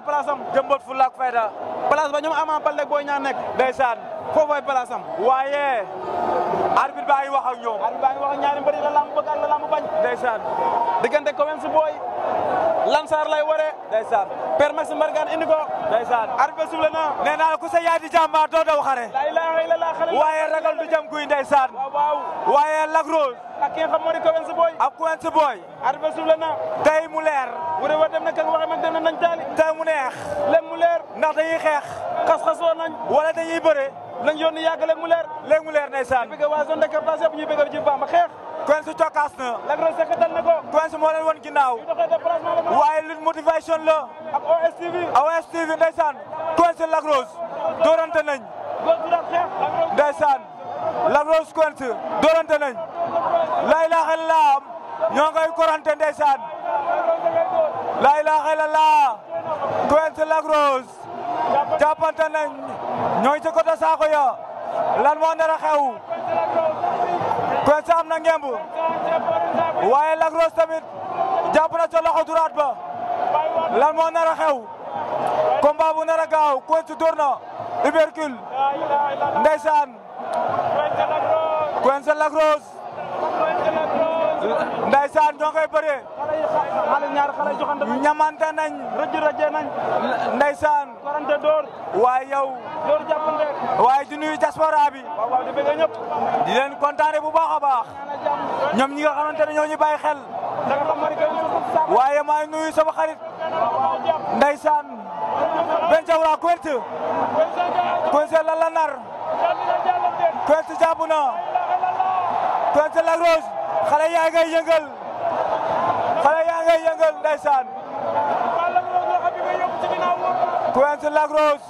jaar place am jëmbat fu laak fayda place ba ñoom Ama Baldé Boy Niang nekk ndeysaan foofooy place waaye arbitre baa ngi wax ak ñoom arbitre baa ngi wax ak ñaari mbër yi la lamb bëgg ak la bañ diggante ko même si booy Lansar lay waree. ndeysaan Père Maxime Margane indi ko. ndeysaan arbitre bi soufflé na. nee naa ku sa yaay di jàmm maa doo daw xare. la ilaha illallah xale waaye ragal du jam guy ndeysaan. waaw waaw waaye Lac Rose. ak xam moo di Quench Boy. ak Quench Boy. arbitre bi soufflé na. tey mu leer. wure wa dem na kër waxe mag dem na nañ taali. tey mu neex. lépp mu leer. ndax dañuy xeex. xas-xasoo nañ. wala dañuy bëre. nañ yónni yàgg léegi mu leer. léegi mu leer ndeysaan. ñu bëgg waa zone de captage yëpp ñuy bëgg ji baax Quench cokaas na. Lac Rose sekkatal na ko. Quench moo leen woon ginnaaw. waaye lutte motivation la. ak OSTV. OSTV ndeysaan. Quench Lac doorante nañ. ndeysaan. Lac Rose Quench doorante nañ. laa ilaaha illallaah ñoo ngay korante ndeysaan. laa ilaaha illallaah. Quench Lac Rose. jàppante nañ. ñooy ci côté saako ya. lan moo nar Quench am na ngemb waaye Lac Rose tamit jàpp na ca loxo droite ba lan moo nar a xew combat bu nar a gaaw Quench dóor na Ubercule ndeysaan Quench Lac ndaysaan doo ngay bëree xale ñaar xale joxante ñamante nañ rëj rëje nañ ndaysaan korante door waaye yow door jàppante waaye di nuyu diaspora bi waaw waaw di bëgg ñëpp di leen kontaane bu baax a baax ñoom ñi nga xamante ñoo ñu bàyyi xel waaye maa nuyu sama xarit ndaysaan ben jawra kuwelt kuwelt la la nar kuwelt jàpp na la rose xale yaa ngay yëngal xale yaa ngay yëngal ndeysaan Quench Lac Rose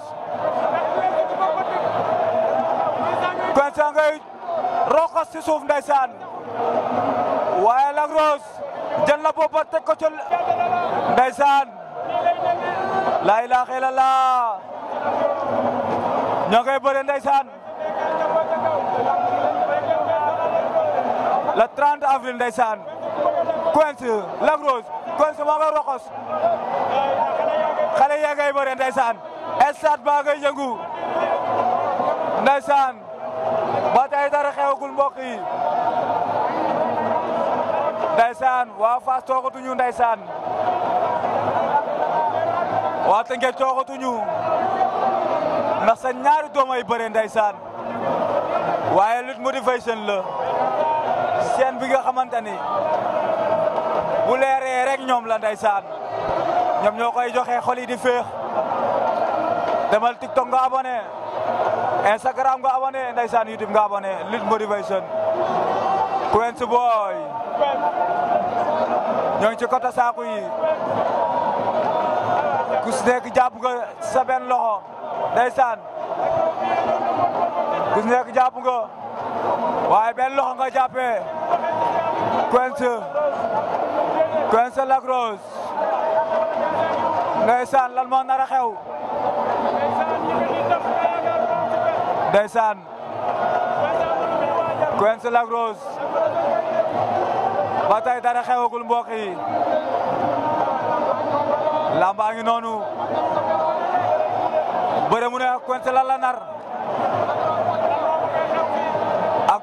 Quench a ngay roxas ci suuf ndeysaan waaye Lac Rose jël na boppam teg ko ci ndeysaan laa ilaaha illallaah ñoo ngay bëre ndeysaan le 30 avril ndeysaan Quench Lac Rose Quench moo koy roxos xale yaa ngay bëre ndeysaan stade baa ngay yëngu ndeysaan ba tey dara xewagul mbokk yi ndeysaan waa Fass toogatuñu ndeysaan waa Tëngéej toogatuñu ndax sa ñaari doom ay bëre ndeysaan waaye lutte motivation la seen bi nga xamante ni bu leeree rek ñoom la ndeysaan ñoom ñoo koy joxe xol yi di féex demal TikTok nga abonné Instagram nga abonné ndeysaan YouTube nga abonné Lutte Motivation Quench Boy ñoo ngi ci côté saaku yi ku si nekk nga sa benn loxo ndeysaan ku si nekk jàpp nga waaye benn loxo nga jàppee Quenche Quenche Lac Rose ndeysaan lan moo nar a xew ndeysaan Quenche Lac Rose ba tey dara xewagul yi lamba a ngi noonu bëre mu ne Quenche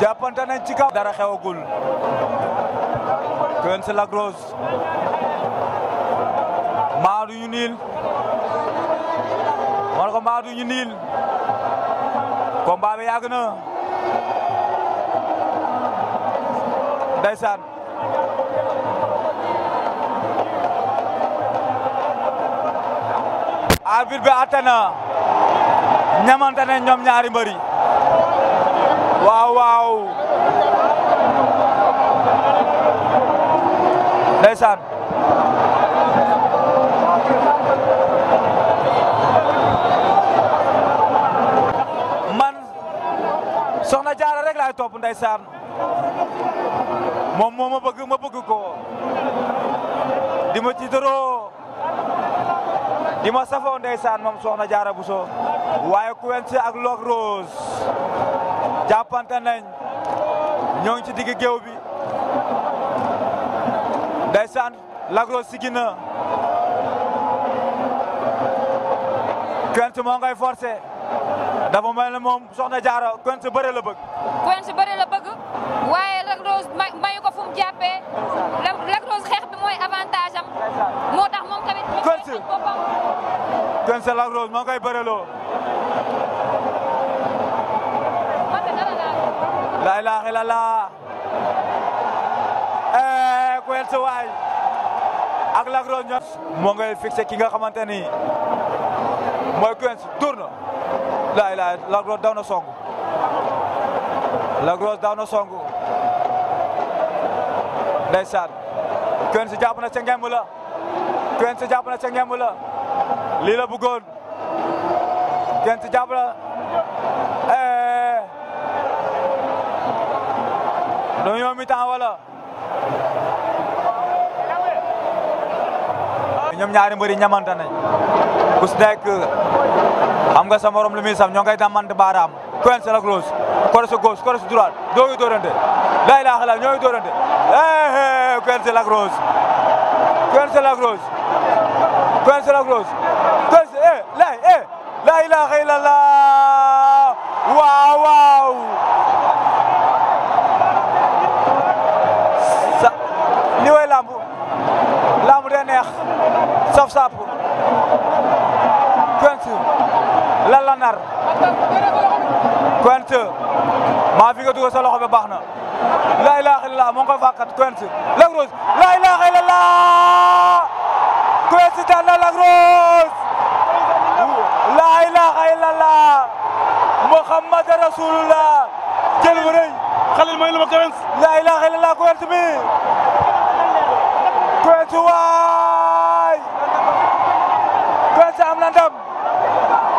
jàppante nañ ci kaw dara xewagul Quench Lac Rose maa du ñu niil man ko maa du ñu niil combat bi yàgg na ndeysaan arbitre bi atte na ñamante ne ñoom ñaari mbëri Wow, wow. Desan. man soxna jaara rek lah itu pun Desan. moo ma bëgg ma bëgg ko di ma ci doroo di masa safoo Desan, moom soxna jaara bu so waaye kuwent ak log rose jàppante nañ ñoo ngi ci digg géew bi ndeysaan Lac Rose siggi na Quench moo ngay forcé dafa mel moom soxna jaara Quench bëre la bëgg Quench bëre la bëgg waaye Lac Rose mayu ko fu mu jàppee Lac xeex bi mooy avantage moo tax moom tamit Quench Lac Rose moo ngay bëreloo ilaha illallah eh Kouel sa waay ak Lac Rose ñoom moo ngay fixé ki nga xamante ni mooy Kouel tourne la ilaha Lac Rose daw na song Lac Rose daw na song ndeysaan Kouel si jàpp na ca ngemb la Kouel si jàpp na ca ngemb la lii la bëggoon si jàpp na eh, lu ñoom mi-temps wala ñaari mbëri ñamante nañ ku si nekk xam nga sa morom lu sam ñoo ngay damante baaraam coin sa la close kore sa gauche kore sa droite doo ngi dóorante coin la close coin la close coin la close coin eh eh la ilaha illallah wow neex saf sap Quench lan la nar Quench maa fi nga dugal sa loxo ba baax na laa ilaaha illallaah moo ngi koy fàqat Quench Lac Rose laa ilaaha illallaah Quench daan na Lac Rose laa ilaaha illallaah Muhammad rasulullah jël bu rëy xalil may lu ma Quench laa ilaaha illallaah Quench bi Quench waay Quench am na ndam